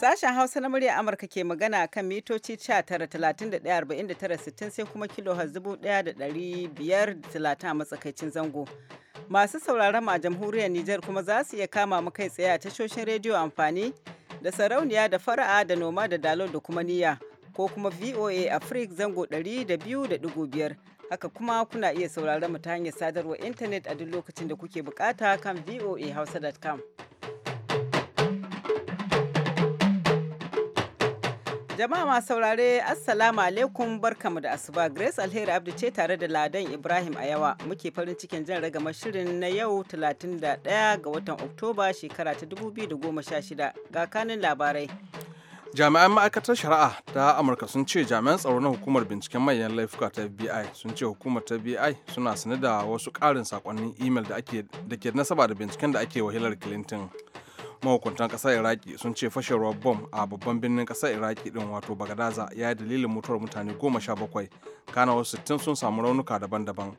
Sashen Hausa na murya Amurka ke magana kan mitoci 19,31,49,60 sai kuma kilo 1,530 a matsakaicin zango. Masu sauraron a jamhuriyar Nijar kuma za su iya kama mu kai tsaye a tashoshin rediyo amfani da sarauniya da fara'a da noma da dalo da kuma niyya ko kuma VOA Africa zango 200.5 Haka kuma kuna iya sauraron mu ta hanyar sadarwar intanet a duk lokacin da kuke bukata kan voahausa.com. Jama'a masu saurare Assalamu alaikum barkamu da asuba Grace Alheri Abdu ce tare da Ladan Ibrahim a yawa muke farin cikin jan ragama shirin na yau 31 ga watan Oktoba shekara ta 2016 ga kanin labarai. jami'an ma'aikatar shari'a ta amurka sun ce jami'an tsaro na hukumar binciken manyan laifuka ta fbi sun ce hukumar ta fbi suna sane da wasu karin sakonnin imel da ke nasaba da binciken da ake wa hillary clinton mahukuntan ƙasar iraki sun ce fashewar bom a babban birnin ƙasar iraki din wato bagadaza ya yi dalilin mutuwar mutane goma sha bakwai kana wasu sittin sun samu raunuka daban-daban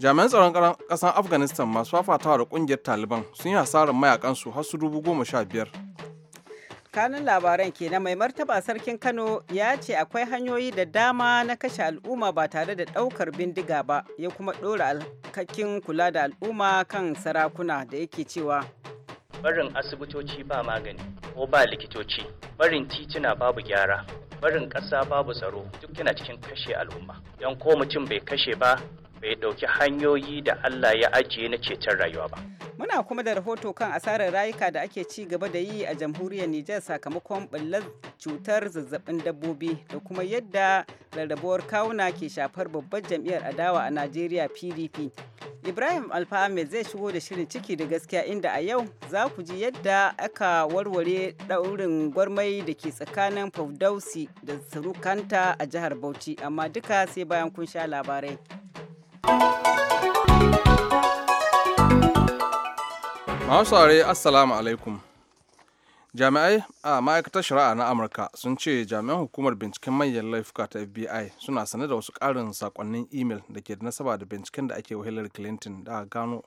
jami'an tsaron ƙasar afghanistan masu fafatawa da ƙungiyar taliban sun yi hasarar mayakansu har su dubu goma sha biyar kanun labaran ke na mai martaba sarkin kano ya ce akwai hanyoyi da dama na kashe al'umma ba tare da ɗaukar bindiga ba ya kuma ɗora alkakin kula da al'umma kan sarakuna da yake cewa barin asibitoci ba magani ko ba likitoci barin titina babu gyara barin ƙasa babu tsaro duk yana cikin kashe al'umma don ko mutum bai kashe ba bai ɗauki hanyoyi da Allah ya ajiye na ceton rayuwa ba. Muna kuma da rahoto kan asarar rayuka da ake ci gaba da yi a jamhuriyar Nijar sakamakon ɓullar cutar zazzabin dabbobi da kuma yadda rarrabuwar kawuna ke shafar babbar jam'iyyar adawa a Najeriya PDP. Ibrahim alfahmed zai shigo da shirin ciki da gaskiya inda a yau za ku ji yadda aka warware ɗaurin gwarmai da ke tsakanin Faudausi da Surukanta a jihar Bauchi amma duka sai bayan kun sha labarai. masu assalamu alaikum jami'ai a ma'aikatar shari'a na amurka sun ce jami'an hukumar binciken manyan laifuka ta fbi suna sane da wasu ƙarin sakonnin imel da ke da nasaba da binciken da ake wahilar hillary clinton da gano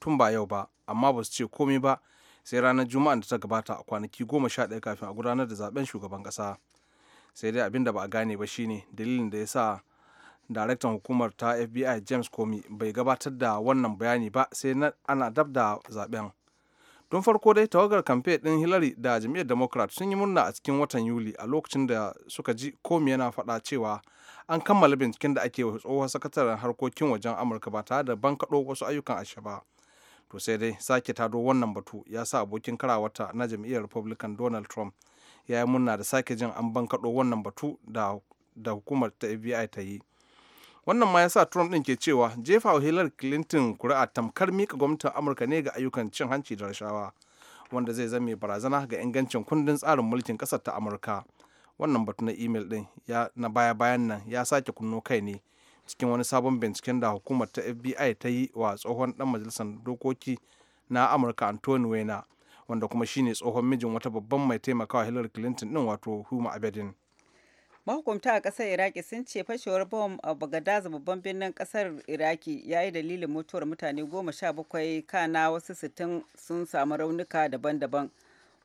tun ba yau ba amma ba su ce komai ba sai ranar juma'a da ta gabata a kwanaki goma sha ɗaya kafin a gudanar da zaben shugaban ƙasa sai dai abin da ba a gane ba shine dalilin da ya sa daraktan hukumar ta fbi james comey bai gabatar da wannan bayani ba sai na ana dab da zaben don farko dai tawagar kamfe ɗin hillary da jam'iyyar democrat sun yi murna a cikin watan yuli a lokacin da suka ji komi yana faɗa cewa an kammala binciken da ake tsohon sakataren harkokin wajen amurka ba tare da bankaɗo wasu ayyukan ashe ba to sai dai sake tado wannan batu ya sa abokin karawata na jam'iyyar republican donald trump ya yi murna da sake jin an bankaɗo wannan batu da hukumar ta fbi ta yi wannan ma ya sa trump ɗin ke cewa jefa wa hillary clinton kuri'a tamkar mika gwamnatin amurka ne ga ayyukan cin hanci da rashawa wanda zai zame barazana ga ingancin kundin tsarin mulkin kasar ta amurka wannan batu na imel ɗin na baya-bayan nan ya sake kunno kai ne cikin wani sabon binciken da hukumar ta fbi ta yi wa tsohon dan majalisar dokoki na amurka anthony weiner wanda kuma shine tsohon mijin wata babban mai taimakawa hillary clinton din wato huma abedin mahukumta a kasar iraki sun ce fashewar bom a bagadaza babban birnin kasar iraki ya yi dalilin mutuwar mutane goma sha bakwai kana wasu sittin sun samu raunuka daban-daban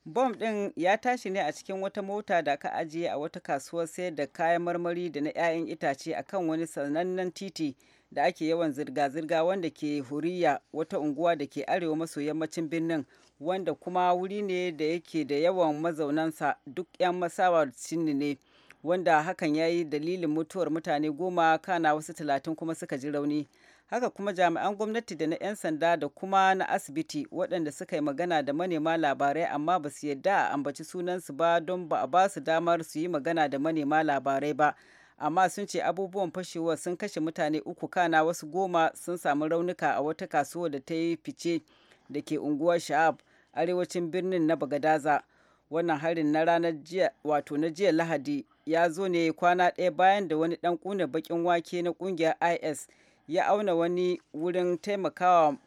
bom din ya tashi ne a cikin wata mota da aka ajiye a wata kasuwar sayar da kayan marmari da na 'ya'yan itace akan wani sanannen titi da ake yawan zirga-zirga wanda ke huriya wata unguwa da ke arewa maso yammacin birnin wanda kuma wuri ne da yake da yawan mazaunansa duk 'yan masawar ne. wanda hakan ya yi dalilin mutuwar mutane goma kana wasu talatin kuma suka ji rauni haka kuma jami'an gwamnati da na 'yan sanda da kuma na asibiti waɗanda suka yi magana da manema labarai amma ba su yadda a ambaci sunansu ba don ba a ba su damar su yi magana da manema labarai ba amma sun ce abubuwan fashewa sun kashe mutane uku kana wasu goma sun samu raunuka a wata kasuwa da ta yi fice da ke unguwar sha'ab arewacin birnin na bagadaza wannan harin na ranar jiya wato na jiya lahadi ya zo ne kwana ɗaya bayan da wani ɗan ƙuna bakin wake na ƙungiyar is ya auna wani wurin taimakawa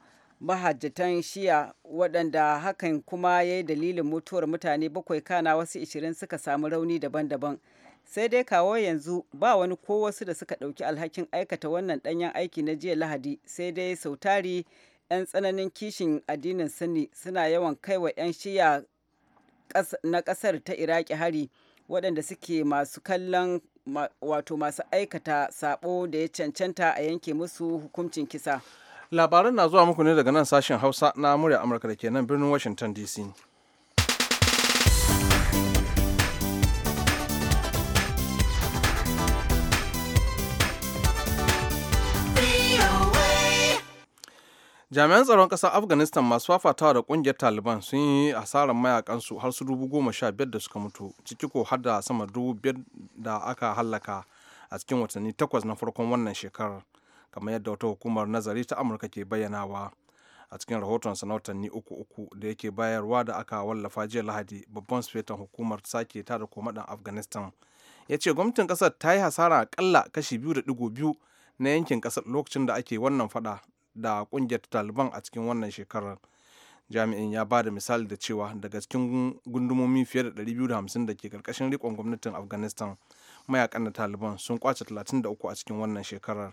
mahajjatan shiya waɗanda hakan kuma ya yi dalilin mutuwar mutane bakwai kana wasu ishirin suka samu rauni daban-daban sai dai kawo yanzu ba wani ko wasu da suka ɗauki alhakin aikata wannan ɗanyen aiki na jiya lahadi sai dai sautari 'yan tsananin kishin addinin sunni suna yawan kaiwa 'yan shiya na ƙasar ta iraki hari waɗanda suke masu kallon wato masu aikata sabo da ya cancanta a yanke musu hukuncin kisa labaran na zuwa muku ne daga nan sashen hausa na murya amurka da ke nan birnin washington dc jami'an tsaron ƙasar afghanistan masu fafatawa da ƙungiyar taliban sun yi hasarar mayakansu har su dubu goma sha biyar da suka mutu ciki ko har da sama dubu biyar da aka hallaka a cikin watanni takwas na farkon wannan shekarar kamar yadda wata hukumar nazari ta amurka ke bayyanawa a cikin sa na watanni uku uku da yake bayarwa da aka wallafa jiya lahadi babban sufetan hukumar sake tada komadan afghanistan ya ce gwamnatin kasar ta yi hasara akalla kashi biyu da digo biyu na yankin kasar lokacin da ake wannan fada da kungiyar taliban a cikin wannan shekarar jami'in ya ba da misali da cewa daga cikin gundumomi fiye da 250 da ke karkashin rikon gwamnatin afghanistan mayakan na taliban sun kwace 33 a cikin wannan shekarar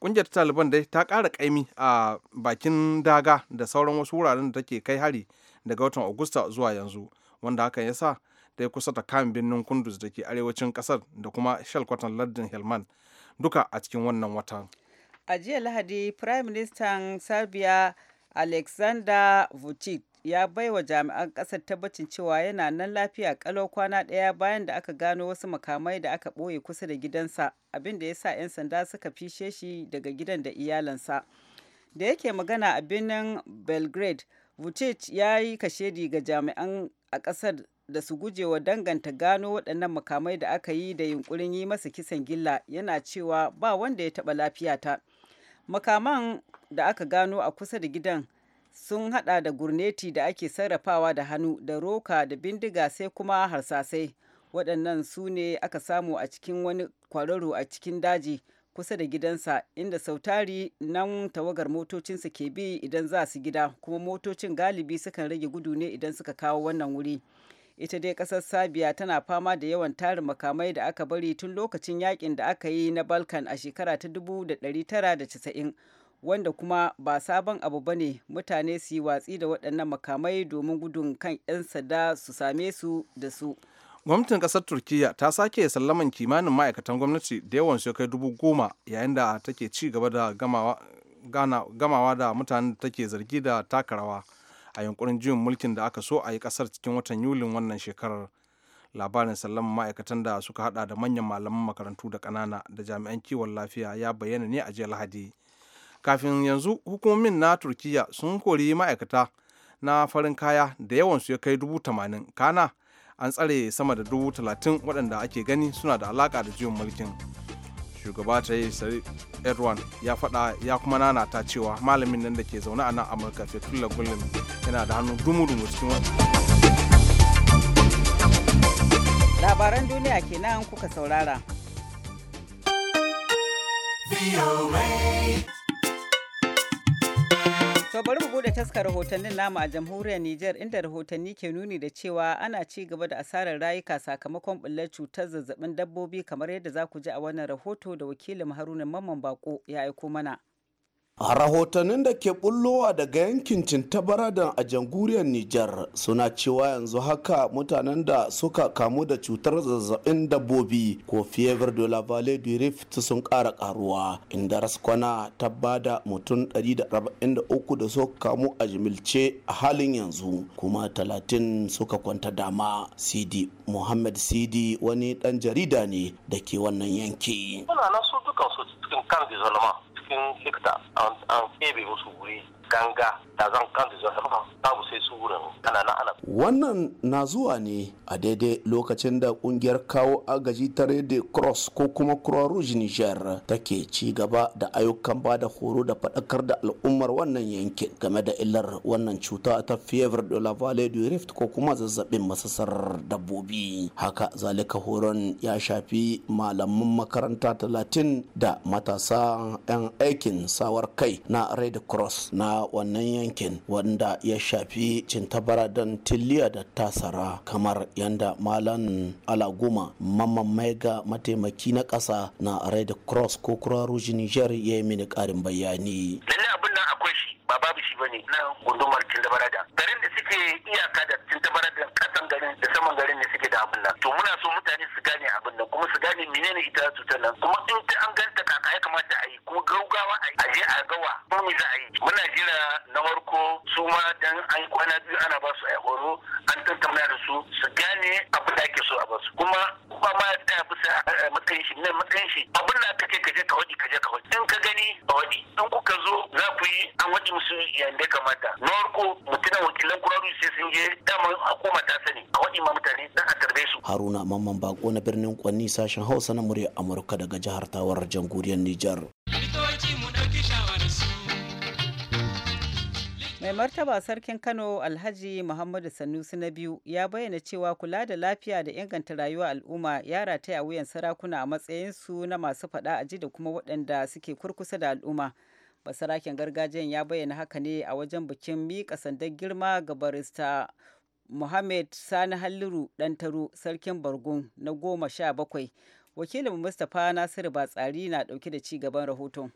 kungiyar taliban dai ta kara kaimi a bakin daga da sauran wasu wuraren da take kai hari daga watan agusta zuwa yanzu wanda hakan ya sa ta yi kusa ta kan birnin kunduz da ke arewacin kasar da kuma shalkwatan lardin helman duka a cikin wannan watan a jiya lahadi prime minister serbia alexander vucic ya baiwa jami'an kasar tabbacin cewa yana nan lafiya kalau kwana daya bayan da aka gano wasu makamai da aka ɓoye kusa da gidansa abin da ya sa 'yan sanda suka fishe shi daga gidan da iyalansa da yake magana a birnin belgrade vucic ya yi kashedi ga jami'an a kasar da su gujewa danganta gano waɗannan makamai da aka yi da yunkurin yi masa kisan gilla yana cewa ba wanda ya taɓa lafiyata. ta makaman da aka gano a kusa da gidan sun hada da gurneti da ake sarrafawa da hannu da roka da bindiga sai kuma harsasai waɗannan su ne aka samu a cikin wani kwararo a cikin daji kusa da gidansa inda sautari nan tawagar motocinsa ke bi idan za su gida kuma motocin galibi sukan rage gudu ne idan suka kawo wannan wuri ita dai kasar sabiya tana fama da yawan tarin makamai da aka bari tun lokacin yakin da aka yi na balkan a shekara ta 1990 wanda kuma ba sabon abu ba ne mutane su yi watsi da waɗannan makamai domin gudun kan 'yan sada su same su da su gwamnatin kasar turkiya ta sake sallaman kimanin ma'aikatan gwamnati da yawan shekai dubu goma yayin da take ci gaba da gamawa da mutanen da take zargi da takarawa a yunkurin juyin mulkin da aka so a yi kasar cikin watan yulin wannan shekarar labarin sallama ma'aikatan da suka hada da manyan malaman makarantu da kanana da jami'an kiwon lafiya ya bayyana ne a jiya lahadi kafin yanzu hukumomin na turkiya sun kori ma'aikata na farin kaya da yawansu ya kai dubu tamanin kana an tsare sama da dubu talatin waɗanda ake gani suna da alaka da juyin mulkin shugaba Tayyip Erdogan ya faɗa ya kuma nanata cewa malamin nan da ke zaune a nan Amurka Fethullah Gulen yana da hannu dumu-dumu cikin Labaran duniya kenan kuka saurara. To bari mu bude taskar rahotannin namu a jamhuriyar Nijar inda rahotanni ke nuni da cewa ana ci gaba da asarar rayuka sakamakon bullar cutar zazzabin dabbobi kamar yadda za ku ji a wannan rahoto da wakilin Haruna Mamman Bako ya aiko mana. A rahotannin da ke bullowa daga yankin Cintabaradan a jamhuriyar Nijar suna cewa yanzu haka mutanen da suka kamu da cutar zazzabin dabbobi ko fever de la Vallée du Rift sun ƙara ƙaruwa inda raskwana ta bada mutum 143 da suka kamu a jimilce a halin yanzu kuma 30 suka kwanta dama. CD Muhammad Sidi wani ɗan jarida ne da ke wannan yanki. Muna su dukansu cikin kan sin sick tax and and e be go suguri ganga da zan kan da babu sai su wurin ana ana wannan na zuwa ne a daidai lokacin da kungiyar kawo agaji ta Red Cross ko kuma Croix Rouge Niger take ci gaba da ayyukan ba da horo da faɗakar da al'ummar wannan yankin game da illar wannan cuta ta fever de la vallée du rift ko kuma zazzabin masasar dabbobi haka zalika horon ya shafi malaman makaranta talatin da matasa 'yan aikin sawar kai na red cross na wannan yankin wanda ya shafi cintabara don tiliya da tasara kamar yanda malam alaguma mamman maiga mataimaki na ƙasa na red cross ko kura rouge niger ya yi mini ƙarin bayani. ba babu shi bane na gundumar tindabarada garin da suke iyaka da tindabarada kasan garin da saman garin ne suke da abin nan to muna so mutane su gane abin nan kuma su gane menene ita cutar nan kuma in ta an ganta kaka ya kamata a yi kuma gaugawa a je a gawa ko me za a yi muna jira na farko su ma dan an kwana biyu ana ba su a horo an tantamna da su su gane abin da ake so a basu kuma kuma ma ta sa eh, matsayin shi nan matsayin shi abin da ka kaje ka wadi kaje ka wadi ka in ka gani ka wadi in kuka zo za ku yi an wadi wasu yande kamata na farko mutumin wakilan kurarun sai sun je dama a koma ta sani a wani ma mutane dan a tarbe su haruna mamman bako na birnin kwanni sashen hausa na murya amurka daga jihar tawar jamhuriyar nijar mai martaba sarkin kano alhaji muhammadu sanusi na biyu ya bayyana cewa kula da lafiya da inganta rayuwa al'umma ya rataya wuyan sarakuna a matsayin su na masu fada a ji da kuma waɗanda suke kurkusa da al'umma masarakin gargajiyan ya bayyana haka ne a wajen bikin miƙa sandar girma ga barista Muhammad Sani Halliru taro Sarkin Bargun na goma sha bakwai. Wakilin Mustapha Nasiru Batsari na ɗauke da ci gaban rahoton.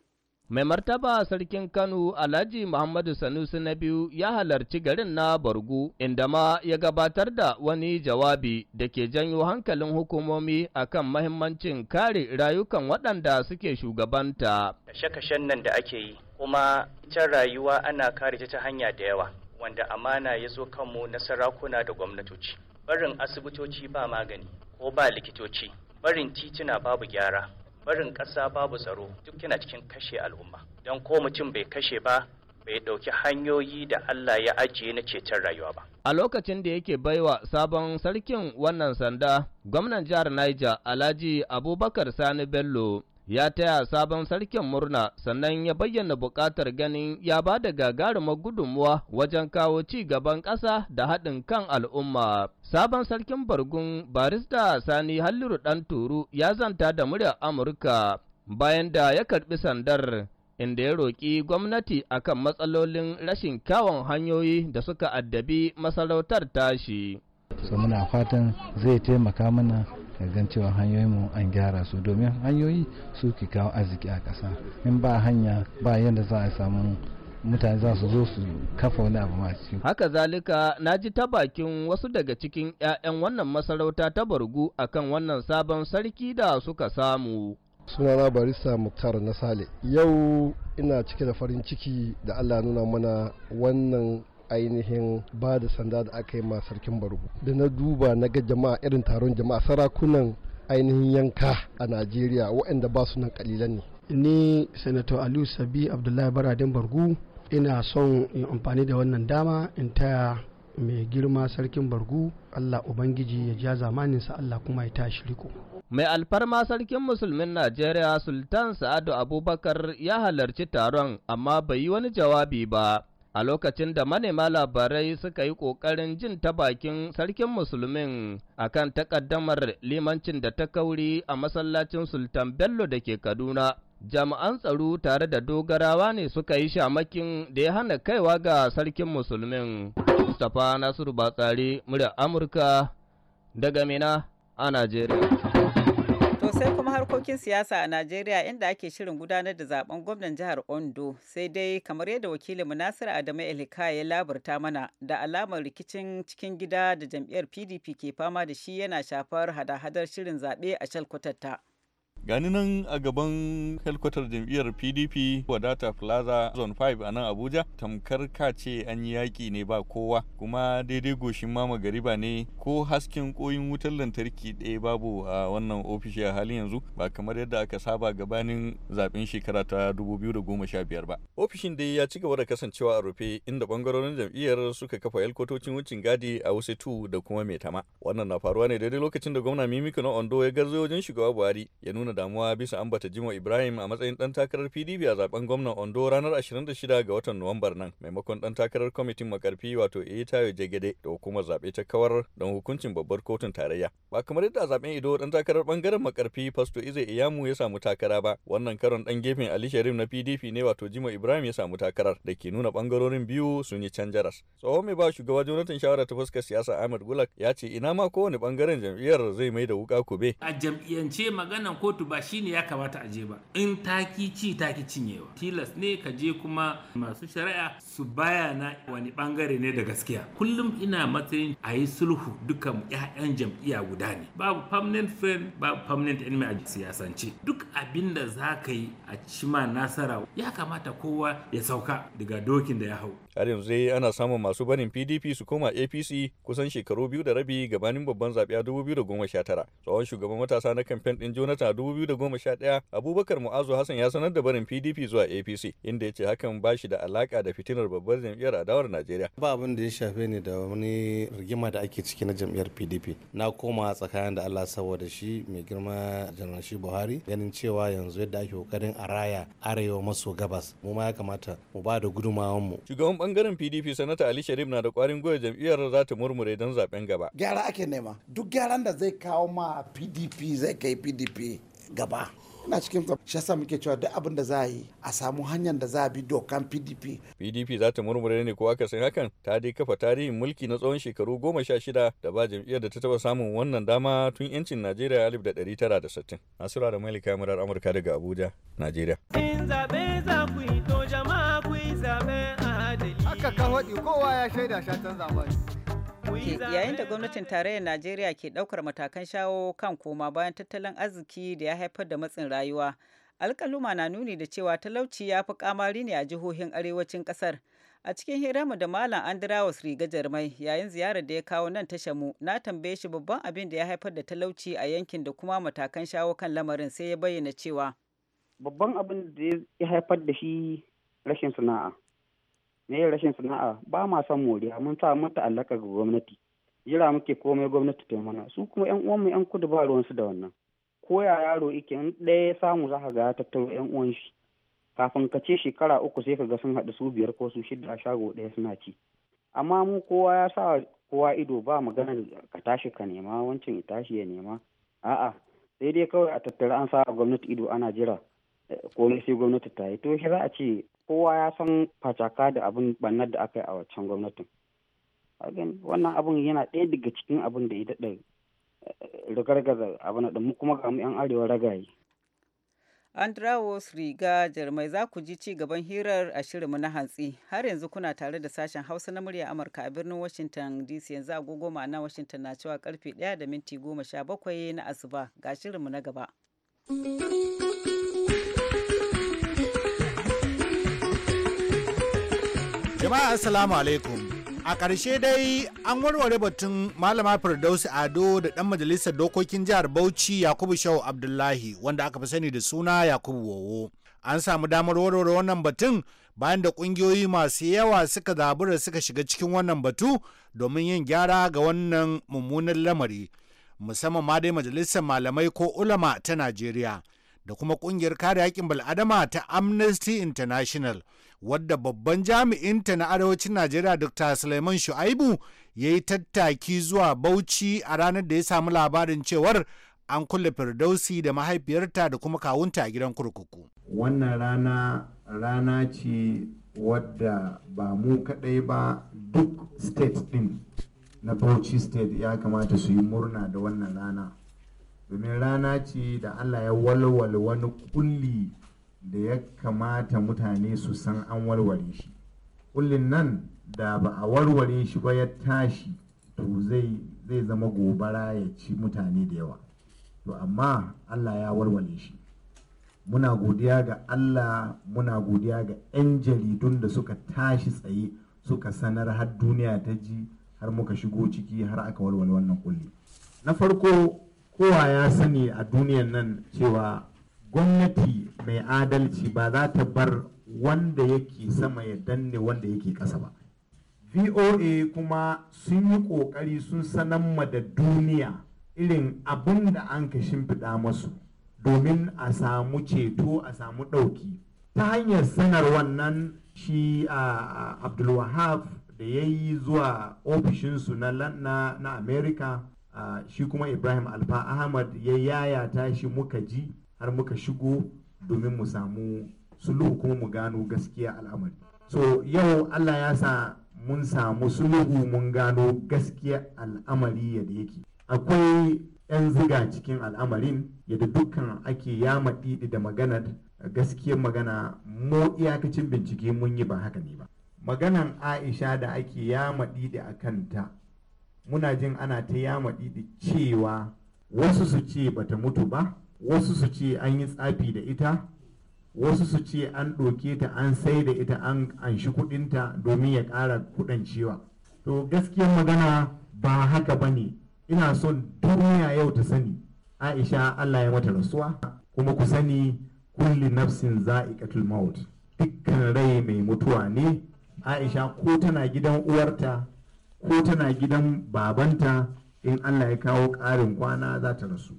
Mai martaba sarkin Kano Alhaji Muhammadu Sanusi na biyu ya halarci garin na Bargu inda ma ya gabatar da wani jawabi da ke janyo hankalin hukumomi a kan mahimmancin kare rayukan waɗanda suke shugabanta. Kashe-kashen nan da ake yi kuma ita rayuwa ana kare ta hanya da yawa wanda amana ya zo kanmu na sarakuna da gwamnatoci. Barin asibitoci ba magani ko ba likitoci, barin tituna babu gyara. barin ƙasa babu tsaro duk yana cikin kashe al'umma don ko mutum bai kashe ba bai ɗauki hanyoyi da Allah ya ajiye na ceton rayuwa ba. A lokacin da yake baiwa sabon sarkin wannan sanda, gwamnan jihar Niger Alhaji Abubakar Sani Bello ya taya sabon sarkin murna sannan ya bayyana buƙatar ganin ya ba da gagarumar gudunmuwa wajen kawo ci gaban ƙasa da haɗin kan al'umma. Sabon sarkin Bargun barista Sani Halliru ɗan Turu ya zanta da muryar Amurka bayan da ya karɓi sandar inda ya roƙi gwamnati akan matsalolin rashin kyawun hanyoyi da suka addabi masarautar tashi. So muna fatan zai taimaka mana ka gan cewa hanyoyinmu an gyara su domin hanyoyi su ke kawo arziki a ƙasa in ba hanya ba yadda za a samu mutane za su zo su kafa wani abu masu haka zalika na ji ta bakin wasu daga cikin 'ya'yan wannan masarauta ta bargu akan wannan sabon sarki da suka samu sunana barista muktar na sale yau ina cike da farin ciki da allah nuna mana wannan ainihin ba da sanda da aka yi sarkin barugu da na duba na ga jama'a irin taron jama'a sarakunan ainihin yanka a najeriya waɗanda ba su nan kalilan ne ni senator aliyu sabi abdullahi baradin bargu ina son in amfani da wannan dama in taya mai girma sarkin bargu allah ubangiji ya ja sa allah kuma ya tashi riko mai alfarma sarkin musulmin najeriya sultan sa'adu abubakar ya halarci taron amma bai yi wani jawabi ba a lokacin da manema labarai suka yi ƙoƙarin jin ta bakin sarkin musulmin a kan takaddamar limancin da ta kauri a masallacin sultan bello da ke kaduna jami'an tsaro tare da dogarawa ne suka yi shamakin da ya hana kaiwa ga sarkin musulmin mustapha nasiru batsari murya amurka daga mina a najeriya harkokin siyasa a Najeriya inda ake shirin gudanar da zaben gwamnan jihar Ondo sai dai kamar yadda wakilin mu Nasiru Adamu Elika ya laburta mana da alamar rikicin cikin gida da jam'iyyar PDP ke fama da shi yana shafar hada-hadar shirin zaɓe a shalkwatarta. gani nan a gaban helkwatar jam'iyyar pdp wadata plaza zone 5 a nan abuja tamkar ka ce an yi yaƙi ne ba kowa kuma daidai goshin mama gariba ne ko hasken koyin wutar lantarki ɗaya babu a wannan ofishi a halin yanzu ba kamar yadda aka saba gabanin zaɓen shekara ta 2015 ba ofishin dai ya ci gaba da kasancewa a rufe inda bangarorin jam'iyyar suka kafa helkwatocin wucin gadi a wasu tu da kuma mai tama wannan na faruwa ne daidai lokacin da gwamna mimiko na ondo ya garzo wajen shugaba buhari ya nuna nuna damuwa bisa ambata Jimo Ibrahim a matsayin dan takarar PDP a zaben gwamnan Ondo ranar 26 ga watan Nuwambar nan maimakon dan takarar kwamitin makarfi wato Eyitayo Jegede da kuma zabe ta kawar don hukuncin babbar kotun tarayya. Ba kamar yadda a zaben Ido dan takarar bangaren makarfi pasto Ize Iyamu ya samu takara ba wannan karon dan gefen Ali Sharif na PDP ne wato Jimo Ibrahim ya samu takarar da ke nuna bangarorin biyu sun yi canjaras. Tsohon mai ba shugaba Jonathan shawara ta fuskar siyasa Ahmed Gulak ya ce ina ma kowane bangaren jam'iyyar zai mai da wuka kube. A jam'iyyance maganan kotu mutu ba ne ya kamata a je ba in taki ci taki cinyewa tilas ne ka je kuma masu shari'a su bayana wani bangare ne da gaskiya kullum ina matsayin a yi sulhu duka 'ya'yan jam'iyya guda ne babu permanent friend babu permanent enemy a siyasance duk abin da za ka yi a cima nasara ya kamata kowa ya sauka daga dokin da ya hau har yanzu dai ana samun masu barin pdp su koma apc kusan shekaru biyu da rabi gabanin babban zaɓe a 2019 tsohon shugaban matasa na kamfen ɗin jonathan a 2011 abubakar mu'azu hassan ya sanar da barin pdp zuwa apc inda ya ce hakan ba shi da alaka da fitinar babbar jam'iyyar adawar najeriya ba abin da ya shafe ni da wani rigima da ake ciki na jam'iyyar pdp na koma tsakanin da allah saboda shi mai girma janar buhari ganin cewa yanzu yadda ake kokarin a raya arewa maso gabas mu ma ya kamata mu ba da mu shugaban bangaren PDP sanata Ali Sharif na da kwarin gwiwa jam'iyyar za ta murmure don zaben gaba. Gyara ake nema. Duk gyaran da zai kawo ma PDP zai kai PDP gaba. ina cikin tsaf shi yasa muke cewa duk abin da za a yi a samu hanyar da za a bi dokan PDP. PDP za ta murmure ne ko aka san hakan ta dai kafa tarihin mulki na tsawon shekaru goma sha shida da ba jam'iyyar da ta taba samun wannan dama tun yancin Najeriya alif da ɗari tara da sittin. Nasura da Malika Murar Amurka daga Abuja, Najeriya. Zaɓe za ku to jama'a ku yi ya shaida Yayin da gwamnatin tarayyar Najeriya ke ɗaukar matakan shawo kan koma bayan tattalin arziki da ya haifar da matsin rayuwa, alkaluma na nuni da cewa talauci ya fi kamari ne a jihohin arewacin kasar A cikin mu da Malam Andrawus Riga Jarmai yayin ziyarar da ya kawo nan tashar mu na tambaye shi babban abin da ya haifar da talauci a yankin da kuma matakan shawo kan lamarin sai ya bayyana cewa. Babban abin da ya haifar da shi rashin sana'a. na yin rashin sana'a ba ma son moriya mun sa mun ta'allaka ga gwamnati jira muke komai gwamnati ta mana su kuma yan uwan mu yan kudu ba ruwan su da wannan ko ya yaro ike in ɗaya ya samu za ka ga ya tattaro yan uwan shi kafin ka ce shekara uku sai ka ga sun haɗu su biyar ko su shida a shago ɗaya suna ci amma mu kowa ya sa kowa ido ba maganar ka tashi ka nema wancan ya tashi ya nema a'a sai dai kawai a tattara an sa gwamnati ido ana jira eh, komai sai gwamnati ta yi to shi za a ce kowa ya san facaka da abin bannar da aka yi a waccan gwamnatin wannan abin yana ɗaya daga cikin abin da ya daɗa eh, ragargaza abin da mu kuma ga yan arewa ragaye Andrawos Riga Jarmai za ku ji ci gaban hirar a shirinmu na hantsi. Har yanzu kuna tare da sashen Hausa na murya Amurka a birnin Washington DC yanzu agogo ma'ana Washington na cewa karfe 1 da minti 17 na asuba ga shirinmu na gaba. Jama'a Assalamu alaikum. A ƙarshe dai an warware batun Malama Firdausi Ado da ɗan majalisar dokokin jihar Bauchi Yakubu Shau Abdullahi wanda aka fi sani da suna Yakubu Wowo. An samu damar warware wannan batun bayan da ƙungiyoyi masu yawa suka zabura suka shiga cikin wannan batu domin yin gyara ga wannan mummunan lamari. Musamman ma dai majalisar malamai ko ulama ta Najeriya da kuma ƙungiyar kare haƙƙin bal'adama ta Amnesty International. wadda babban jami'inta na arewacin Najeriya Dr. Suleiman Shu'aibu ya yi tattaki zuwa Bauchi a ranar da ya samu labarin cewar an kulle Firdausi da mahaifiyarta da kuma kawunta a gidan kurkuku. Wannan rana rana ce wadda ba mu kaɗai ba duk state ɗin na Bauchi state ya kamata su yi murna da wannan rana. Domin rana ce da Allah ya walwale wani kulli da ya kamata mutane su san an warware shi ƙullin nan da ba a warware shi ba ya tashi to zai zama gobara ya ci mutane da yawa to amma allah ya warware shi muna godiya ga allah muna godiya ga 'yan jaridun da suka tashi tsaye suka sanar har duniya ta ji har muka shigo ciki har aka warware wannan kulli na farko kowa ya sani a duniyan nan cewa gwamnati mai adalci ba za ta bar wanda yake sama ya danne wanda yake ƙasa ba voa kuma sun yi ƙoƙari sun sanar ma da duniya irin abin da an ka shimfiɗa masu domin a samu ceto a samu ɗauki ta hanyar sanar wannan shi a abdulwahab da ya yi zuwa ofishinsu na, na, amerika america shi kuma ibrahim alfa ahmad ya yayata shi muka ji har muka shigo domin mu samu sulhu kuma mu gano gaskiya al'amari so yau allah ya sa mun samu sulhu mun gano gaskiya al'amari yadda yake akwai 'yan ziga cikin al'amarin yadda dukkan ake yama ɗiɗi da maganar gaskiyar magana mu iyakacin bincike mun yi ba haka ne ba maganan aisha da ake yama ɗiɗi a kanta muna jin ana ta yama ɗiɗi cewa wasu su ce bata mutu ba wasu su ce an yi tsafi da ita wasu su ce an ɗoke ta an sai da ita an anshi kuɗinta domin ya ƙara kuɗin cewa to gaskiyar magana ba haka ba ne ina son duniya yau ta sani aisha allah ya mata rasuwa kuma ku sani kulli nafsin za'iqatul maut dukkan rai mai mutuwa ne aisha ko tana gidan uwarta ko tana gidan babanta in allah ya kawo ƙarin kwana za ta rasu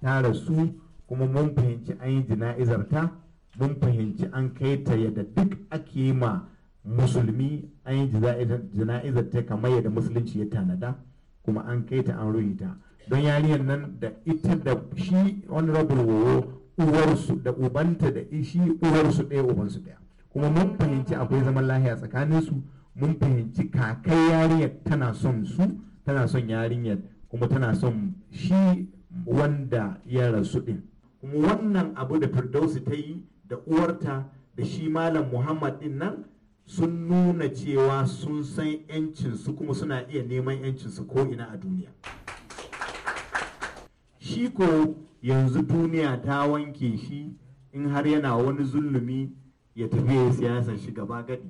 ta rasu kuma mun fahimci an yi jana'izar ta mun fahimci an kai ta yadda duk ake ma musulmi an yi jana'izar ta kamar yadda musulunci ya tanada kuma an kai ta an ruhi ta don yariyar nan da ita da shi honorable wowo uwarsu da ubanta da shi uwarsu ɗaya ubansu ɗaya kuma mun fahimci akwai zaman lahiya tsakaninsu mun fahimci kakai yariyar tana son su tana son yarinyar kuma tana son shi wanda ya rasu ɗin kuma wannan abu da firdausi ta yi da uwarta da shi malam muhammad din nan sun nuna cewa sun san yancinsu kuma suna iya neman yancinsu ko ina a duniya shi ko yanzu duniya ta wanke shi in har yana wani zulumi ya tafi ya siyasa shi gaba gadi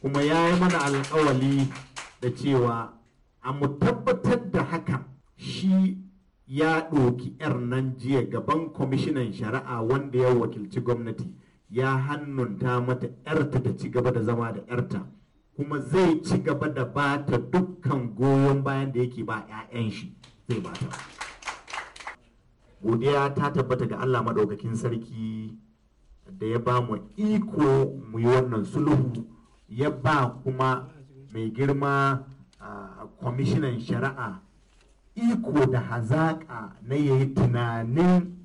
kuma ya yi mana alkawali da cewa a mu tabbatar da hakan shi ya ɗoki 'yar nan jiya gaban kwamishinan shari'a wanda ya wakilci gwamnati ya hannunta mata 'yarta da ci gaba da zama da 'yarta kuma zai ci gaba da ba ta dukkan goyon bayan da yake ba 'ya'yan shi zai ba ta godiya ta tabbata ga allah maɗaukakin sarki da ya ba mu iko mu yi wannan sulhu ya ba kuma mai girma ah, kwamishinan shari'a iko da hazaƙa na ya yi tunanin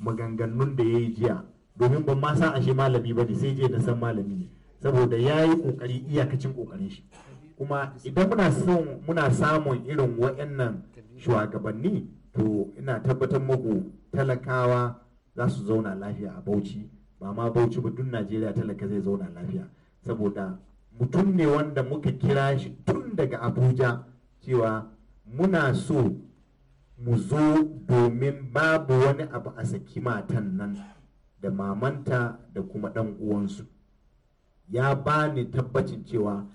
maganganun da ya yi jiya domin ban ma san ashe malami ba ne sai je da san malami ne saboda ya yi ƙoƙari iyakacin ƙoƙarin shi kuma idan muna son muna samun irin waɗannan shugabanni to ina tabbatar muku talakawa za su zauna lafiya a bauchi ba ma bauchi ba duk najeriya talaka zai zauna lafiya saboda mutum ne wanda muka kira shi tun daga abuja cewa muna so mu zo domin babu wani abu a saki matan nan da mamanta da kuma ɗan uwansu ya ba ni tabbacin cewa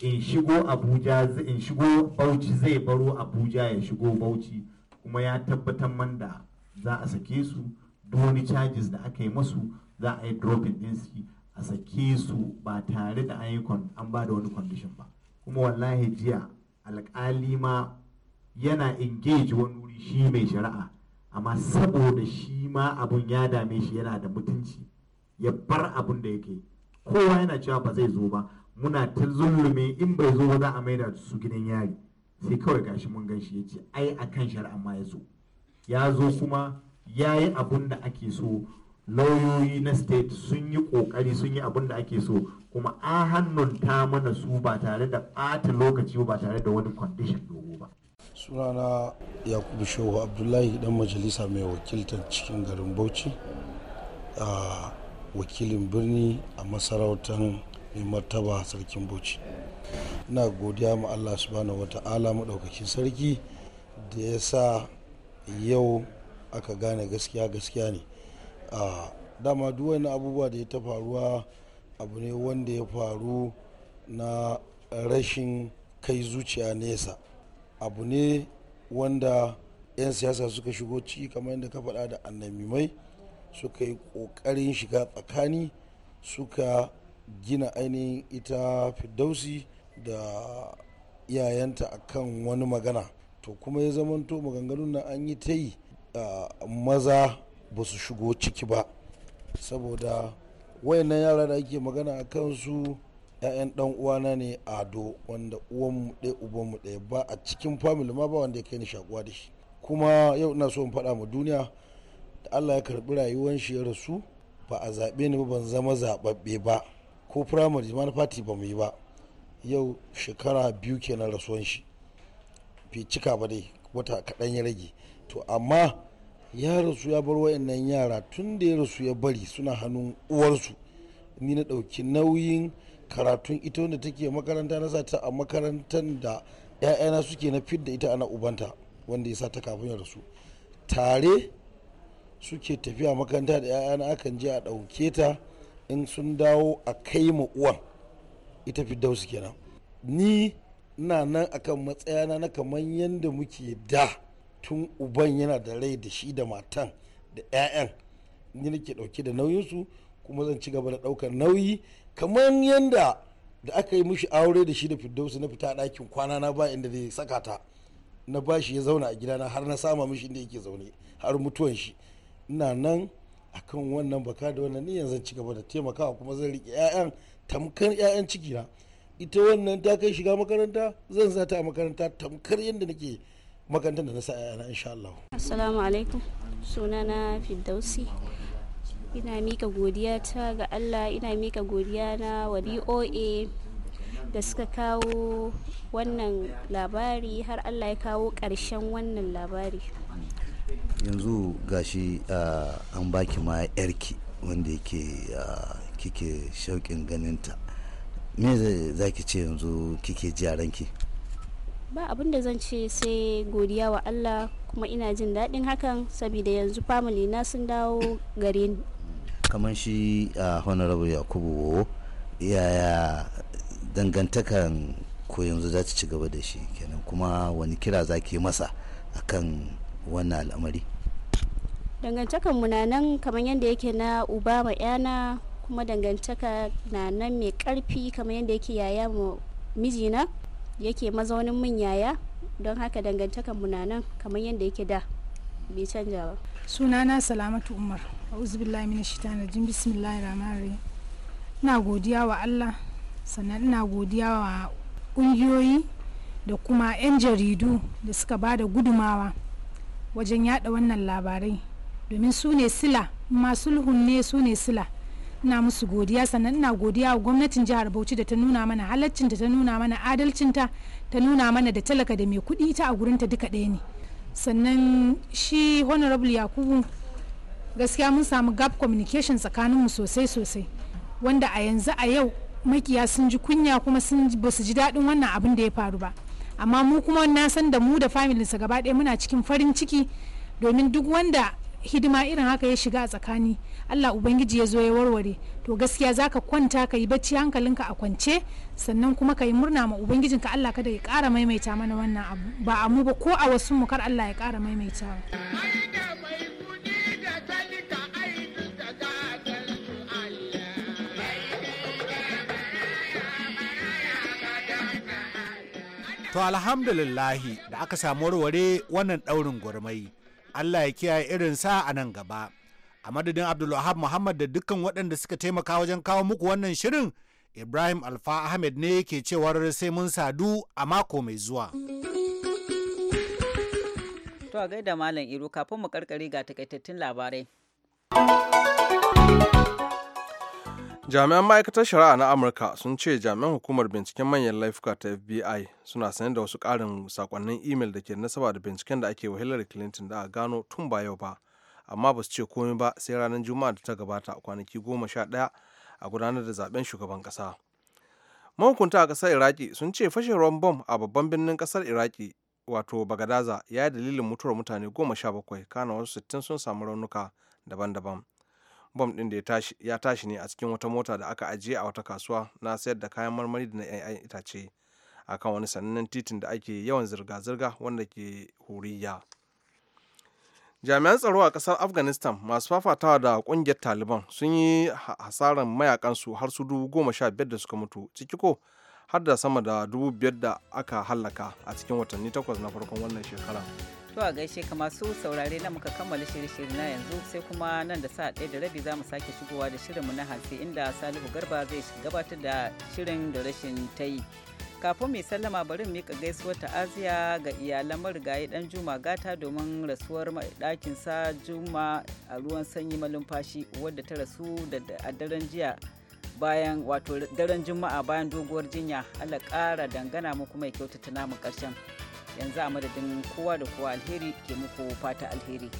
in shigo abuja in shigo bauchi zai baro abuja ya shigo bauchi kuma ya tabbatar man da za a sake su doni wani charges da aka yi masu za a yi dropping din su a sake su ba tare da ayyukan an ba da wani condition ba kuma wallahi jiya alƙali ma yana engage wani wuri shi mai shari'a amma saboda shi ma abun ya dame shi yana da mutunci ya bar abun da yake kowa yana cewa ba zai zo ba muna ta zullume in bai zo ba za a maida su gidan yari sai kawai gashi mun gan shi ya ce ai a kan shari'a ma ya zo ya zo kuma ya yi abun da ake so lauyoyi na state sun yi kokari sun yi abun da ake so kuma an hannunta mana su ba tare da ɓata lokaci ba tare da wani condition dogo sunana yakubu shehu abdullahi dan majalisa mai wakiltar cikin garin bauchi a wakilin birni a masarautar mai martaba sarkin bauchi ina godiya ma allah su wata wata'ala maɗaukakin sarki da ya sa yau aka gane gaskiya gaskiya ne a dama duwai wani abubuwa da ya ta faruwa abu ne wanda ya faru na rashin kai zuciya nesa abu ne wanda 'yan siyasa suka shigo ciki kamar yadda ka faɗa da annamimai suka yi ƙoƙarin shiga tsakani suka gina ainihin ita fidausi da iyayenta akan wani magana to kuma ya zamanto maganganun nan an yi ta yi maza ba su shigo ciki ba saboda wayannan yara da ake magana a kansu 'ya'yan ɗan uwana ne ado wanda uwanmu ɗaya ubanmu ɗaya ba a cikin family ma ba wanda ya kai ni shakuwa da shi kuma yau ina so in faɗa ma duniya da allah ya karɓi rayuwar shi ya rasu ba a zaɓe ni ba ban zama zaɓaɓɓe ba ko firamare ma na fati ba mu yi ba yau shekara biyu kenan rasuwan shi bai cika ba dai wata kaɗan ya rage to amma ya rasu ya bar wayannan yara tun da ya rasu ya bari suna hannun uwarsu ni na ɗauki nauyin karatun ita wanda take makaranta na sata a makarantar da 'ya'yana suke na fidda ita ana ubanta wanda ya sa ta kafin ya rasu tare suke tafiya makaranta da 'ya'yana akan je a ɗauke ta in sun dawo a kai ma uwan ita fiddausu kenan ni na nan akan matsayana na kamar yadda muke da tun uban yana da rai da shi da matan da 'ya'yan ni nake ɗauke da nauyinsu kuma zan ci gaba da ɗaukar nauyi kamar yadda da aka yi mushi aure da shi da firdausu na fita ɗakin kwana na ba inda zai saka ta na ba shi ya zauna a gidana har na sama mishi inda yake zaune har mutuwan shi ina nan akan wannan baka da wannan ni yanzu ci gaba da taimakawa kuma zan rike ƴaƴan tamkar ƴaƴan ciki na ita wannan ta kai shiga makaranta zan sa ta a makaranta tamkar yadda nake makarantar da na sa ƴaƴana insha Allah assalamu alaikum sunana fiddausi. ina mika godiya ta ga allah ina mika godiya na wa doa da suka kawo wannan labari har allah ya kawo ƙarshen wannan labari yanzu gashi ah, an baki ma yarki wanda yake ah, kike shauƙin ganinta me za ki ce yanzu kike ji a ranki ba abin da zan ce sai godiya wa allah kuma ina jin daɗin hakan saboda yanzu family na sun dawo gare ni kamar shi a honorable yakubu yaya dangantakan ko yanzu za ta ci gaba da shi kenan kuma wani kira za ke masa kan wannan al'amari dangantakan munanan nan kamar yadda yake na uba ma yana kuma dangantaka na nan mai karfi kamar yadda yake yaya ma mijina yake mazaunin min yaya don haka dangantakan munanan nan kamar yadda yake da bai canja ba sunana salamatu umar a'udhu billahi minash shaitani rajim bismillahir ina godiya wa Allah sannan ina godiya wa kungiyoyi da kuma 'yan jaridu da suka ba da gudumawa wajen yada wannan labarai domin su ne sila ma sulhun ne su ne sila ina musu godiya sannan ina godiya wa gwamnatin jihar bauchi da ta nuna mana halaccinta ta nuna mana adalcinta ta nuna mana da talaka da mai kuɗi ta a gurinta duka ɗaya ne sannan shi honorable yakubu gaskiya mun samu gap communication tsakaninmu sosai sosai wanda a yanzu a yau makiya sun ji kunya kuma sun ba su ji daɗin wannan abin da ya faru ba amma mu kuma na san da mu da familinsa gaba ɗaya muna cikin farin ciki domin duk wanda hidima irin haka ya shiga a tsakani allah ubangiji ya zo ya warware to gaskiya za ka kwanta ka yi bacci hankalinka a kwance sannan kuma ka yi murna ma ka allah kada ya kara maimaita mana wannan abu ba a mu ba ko a wasu mu kar allah ya kara maimaita. To alhamdulillahi da aka samu warware wannan daurin gurmai Allah ya kiyaye irin sa a nan gaba. A madadin Abdulwahab Muhammad da dukkan waɗanda suka taimaka wajen kawo muku wannan shirin, Ibrahim Alfa Ahmed ne ke cewar sai mun sadu a mako mai zuwa. To a gaida Malam Iro kafin mu karkare ga takaitattun labarai. jami'an ma'aikatar shari'a na amurka sun ce jami'an hukumar binciken manyan laifuka ta fbi suna sanye da wasu karin sakonnin imel da ke nasaba da binciken da ake wa hillary clinton da a gano tun ba yau ba amma ba su ce komai ba sai ranar juma'a da ta gabata kwanaki goma sha ɗaya a gudanar da zaben shugaban kasa mahukunta a kasar iraki sun ce fashewar bom a babban birnin kasar iraki wato bagadaza ya yi dalilin mutuwar mutane goma sha bakwai kana wasu sittin sun samu raunuka daban-daban bom ɗin da ya tashi ne a cikin wata mota da aka ajiye a wata kasuwa na sayar da kayan marmari da na 'ya'yan itace akan wani sanannen titin da ake yawan zirga-zirga wanda ke huriya jami'an tsaro a kasar afghanistan masu fafatawa da kungiyar taliban sun yi hasarar mayakansu har su dubu goma sha biyar da suka mutu ciki ko har da sama da dubu biyar da aka hallaka a cikin watanni takwas na farkon wannan shekara. To a gaishe ka masu saurare na muka kammala shirye-shirye na yanzu sai kuma nan da sa'a ɗaya da rabi za mu sake shigowa da shirin mu na hantsi inda Salihu Garba zai gabatar da shirin da rashin ta yi. Kafin mai sallama bari mu miƙa gaisuwar ta'aziya ga iyalan marigayi dan Juma Gata domin rasuwar ɗakin sa Juma a ruwan sanyi malumfashi wadda ta rasu da daren jiya bayan wato daren juma'a bayan doguwar jinya ala ƙara dangana mu kuma ya kyautata namu ƙarshen. yanzu a madadin kowa da kowa alheri ke muku fata alheri.